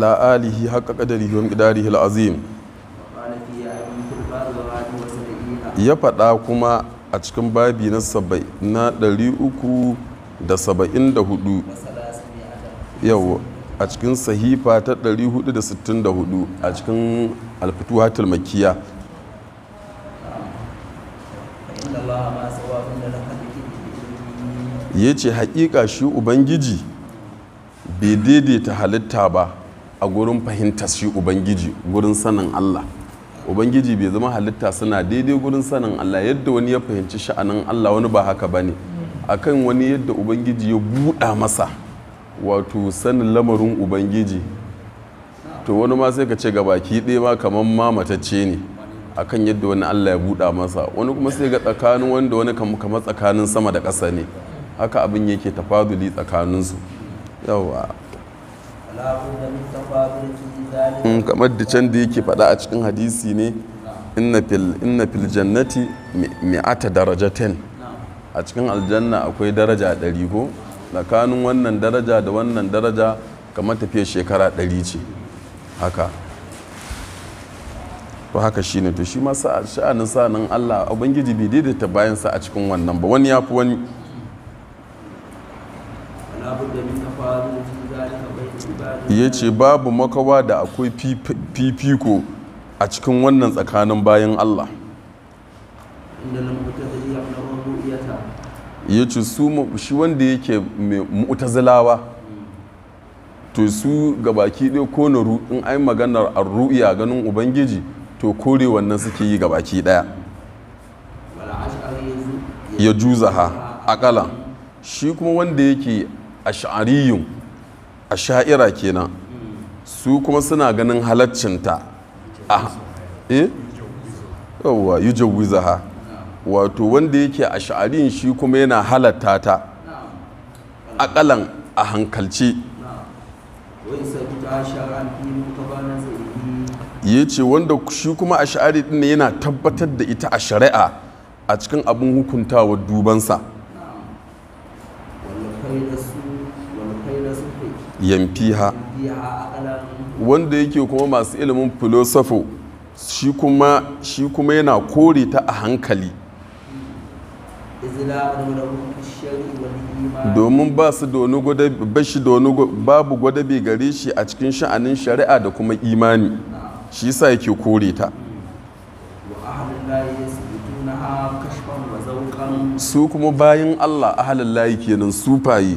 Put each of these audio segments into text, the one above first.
على ya faɗa kuma a cikin babi na saba'i na 374 yau a cikin sahifa ta 464 a cikin alfituhatul makiya ya ce haƙiƙa shi ubangiji bai daidaita halitta ba a gurin fahimtar shi ubangiji gurin sanin allah ubangiji bai zama halitta suna daidai gurin sanin allah yadda wani ya fahimci sha'anin allah wani ba haka ba ne akan wani yadda ubangiji ya buɗa masa wato sanin lamarin ubangiji to wani ma sai ka ce ga baki ɗaya ma kamar ma matacce ne akan yadda wani allah ya buɗa masa wani kuma sai ga tsakanin wanda wani kamar tsakanin sama da ƙasa ne haka abin yake tafaduli tsakaninsu yawa kamar da can da yake faɗa a cikin hadisi ne inna fil jannati mi'ata 10 a cikin aljanna akwai daraja 100 ko tsakanin wannan daraja da wannan daraja kamar tafiya shekara 100 ce haka ko haka shi ne to shi masu sha'anin sa'anin allah da ta bayan bayansa a cikin wannan ba wani ya fi wani ya ce babu makawa da akwai fifiko a cikin wannan tsakanin bayan Allah ya ce su shi wanda yake mai mu'tazilawa to su gabaki ɗaya ko na in ai maganar a ru'iya ganin ubangiji to kore wannan suke yi gabaki ɗaya ya juza ha akala shi kuma wanda yake a shaariyun a sha'ira kenan su kuma suna ganin halaccinta a ah, eh? yawwa yi jawizaha wato wanda yake a sha'arin shi kuma yana halatta ta akalan a hankalce ya ce wanda shi kuma a sha'ari ɗin yana tabbatar da ita a shari'a a cikin abin hukuntawa dubansa yamfiha wanda yake kuma masu ilimin filosofo shi kuma shi kuma yana kore ta a hankali domin ba su babu gwada bai gare shi a cikin sha'anin shari'a da kuma imani shi sa yake kore ta su kuma bayan allah ahalin layi kenan sufaye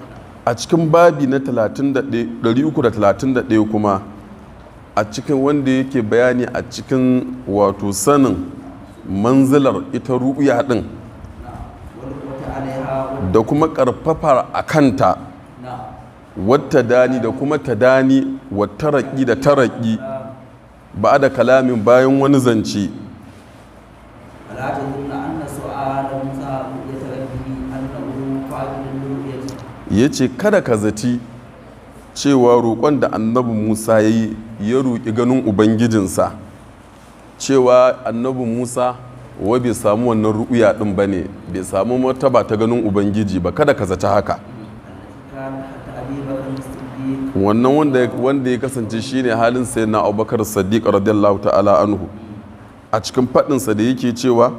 a cikin babi na 331 kuma a cikin wanda yake bayani a cikin wato sanin manzilar ita ru'uya ɗin da kuma karfafar a kanta wata dani da kuma ta dani wata raƙi da ta raƙi ba da kalamin bayan wani zance ya ce kada ka zaci cewa roƙon da annabi musa ya yi ya roƙi ganin ubangijinsa cewa annabi musa wa bai samu wannan ru'uya ɗin ba ne bai samu martaba ta ganin ubangiji ba kada ka zaci haka wannan wanda ya kasance shine halin sai na abubakar sadiq radiyallahu ta'ala anhu a cikin faɗinsa da yake cewa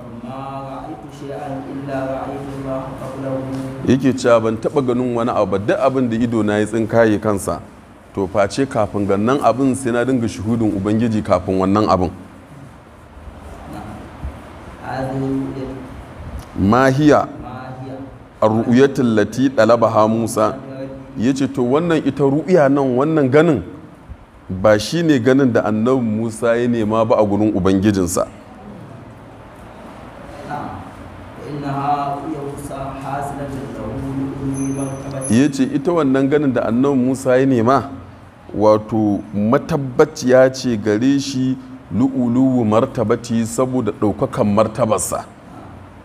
yake cewa ban taba ganin wani abu duk abin da ido na ya tsinkaye kansa to face kafin gannan abin sai na dinga shuhudin ubangiji kafin wannan abin mahiya a ru'uyatin lati ha musa ya ce to wannan ita ru'uya nan wannan ganin ba shi ne ganin da annabi musa ya nema ba a gurin ubangijinsa ya ce ita wannan ganin da annabi musa ya nema wato matabbaciya ce gare shi lu'ulu'u martabati saboda ɗaukakan martabarsa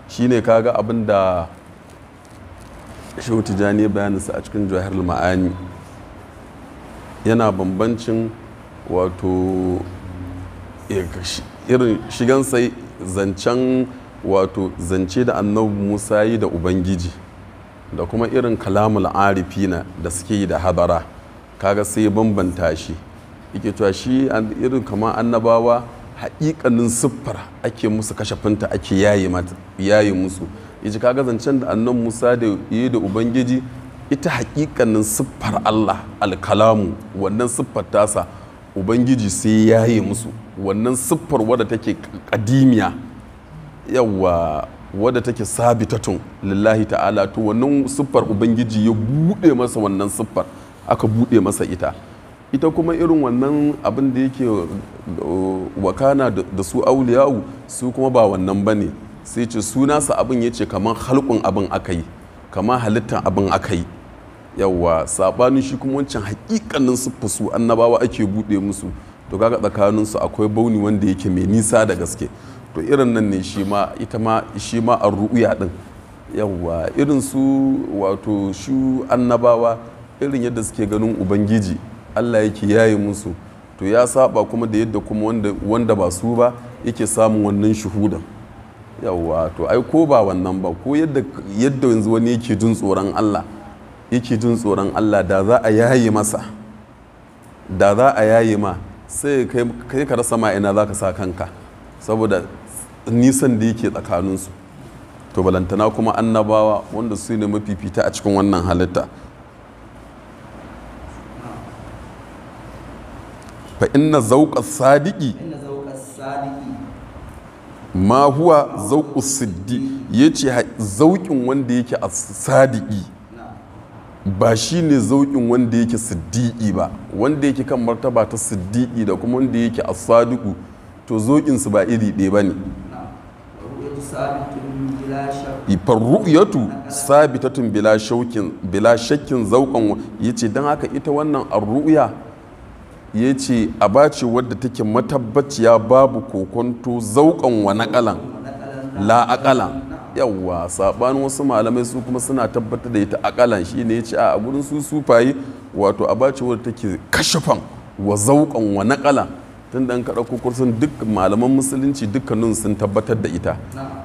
shi shine kaga abin da shi tijjani ya bayaninsa a cikin jihar ma'ani yana bambancin wato irin shigansa zancen wato zance da annabi musa yi da ubangiji da kuma irin kalamul arifina da suke yi da hadara kaga sai bambanta shi yake cewa shi irin kamar annabawa haƙiƙanin siffar ake musu kashafinta ake yayi musu yace kaga zancen da annan musa da yi da ubangiji ita haƙiƙanin siffar allah alkalamu wannan siffar tasa ubangiji sai yayi musu wannan siffar wadda take kadimiya yawwa. wadda take tun lillahi ta'ala to wannan siffar ubangiji ya buɗe masa wannan siffar aka buɗe masa ita ita kuma irin wannan abin da yake uh, wakana da su auliyawu su kuma ba wannan ba ne sai ce suna abin ya ce kamar halkun abin aka yi kamar halittar abin aka yi yawwa saɓanin shi kuma wancan hakikanin siffa su annabawa ake buɗe musu to kaga tsakaninsu akwai bauni wanda yake mai nisa da gaske to irin nan ne shi ma ita ma shi ma a ru'uya din yawwa irin su wato shu annabawa irin yadda suke ganin ubangiji allah yake yaye musu to ya saba kuma da yadda kuma wanda, ba su ba yake samun wannan shuhudan yawwa to ai ko ba wannan ba ko yadda yanzu wani yake jin tsoron allah yake jin tsoron allah da za a yaye masa da za a yayi ma sai kai ka rasa ma ina za ka sa kanka saboda nisan da yake tsakaninsu to balantana kuma annabawa wanda su ne mafifita a cikin wannan halitta fa inna zauƙa sadiki ma huwa siddi ya ce zauƙin wanda yake a sadiki ba shi ne zauƙin wanda yake siddiƙi ba wanda yake kan martaba ta siddiƙi da kuma wanda yake a sadiku to zauƙinsu ba iri ɗaya ba ne farru'yatu sabitatun bila shaukin bila shakkin zaukan yace dan haka ita wannan arru'ya yace abace wadda take matabbaciya babu kokonto zaukan wa naƙalan la aqalan yawa sabanin wasu malamai su kuma suna tabbatar da ita akalan shine yace a gurin su sufayi wato abace wadda take kashafan wa zaukan wa naƙalan tun dan ka ɗauko kursun duk malaman musulunci dukkanin sun tabbatar da ita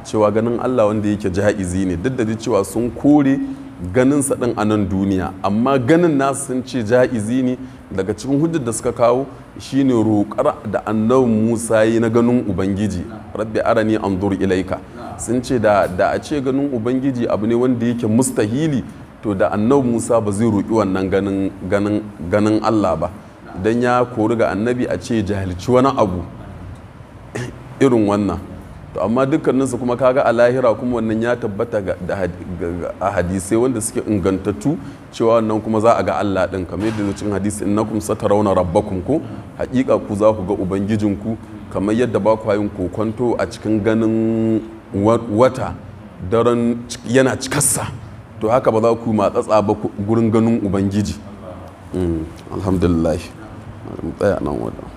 cewa ganin allah wanda yake ja'izi ne duk da cewa sun kore ganinsa ɗin a nan duniya amma ganin nasu sun ce ja'izi ne daga cikin hujjar da suka kawo shine roƙar da annabi musa yi na ganin ubangiji rabbi arani anzur ilaika sun ce da a ce ganin ubangiji abu ne wanda yake mustahili to da annabi musa ba zai roƙi wannan ganin allah ba don ya kori ga annabi a ce jahilci wani abu irin wannan to amma dukkaninsu kuma kaga a lahira kuma wannan ya tabbata a hadisai wanda suke ingantattu cewa wannan kuma za a ga Allah ɗin kamar yadda cikin hadisi innakum satarauna rauna ko hakika ku za ku ga ubangijinku kamar yadda ba ku hayin kokonto a cikin ganin wata daren yana cikarsa to haka ba za ku matsatsa ba gurin ganin ubangiji mm, alhamdulillah É, não, não.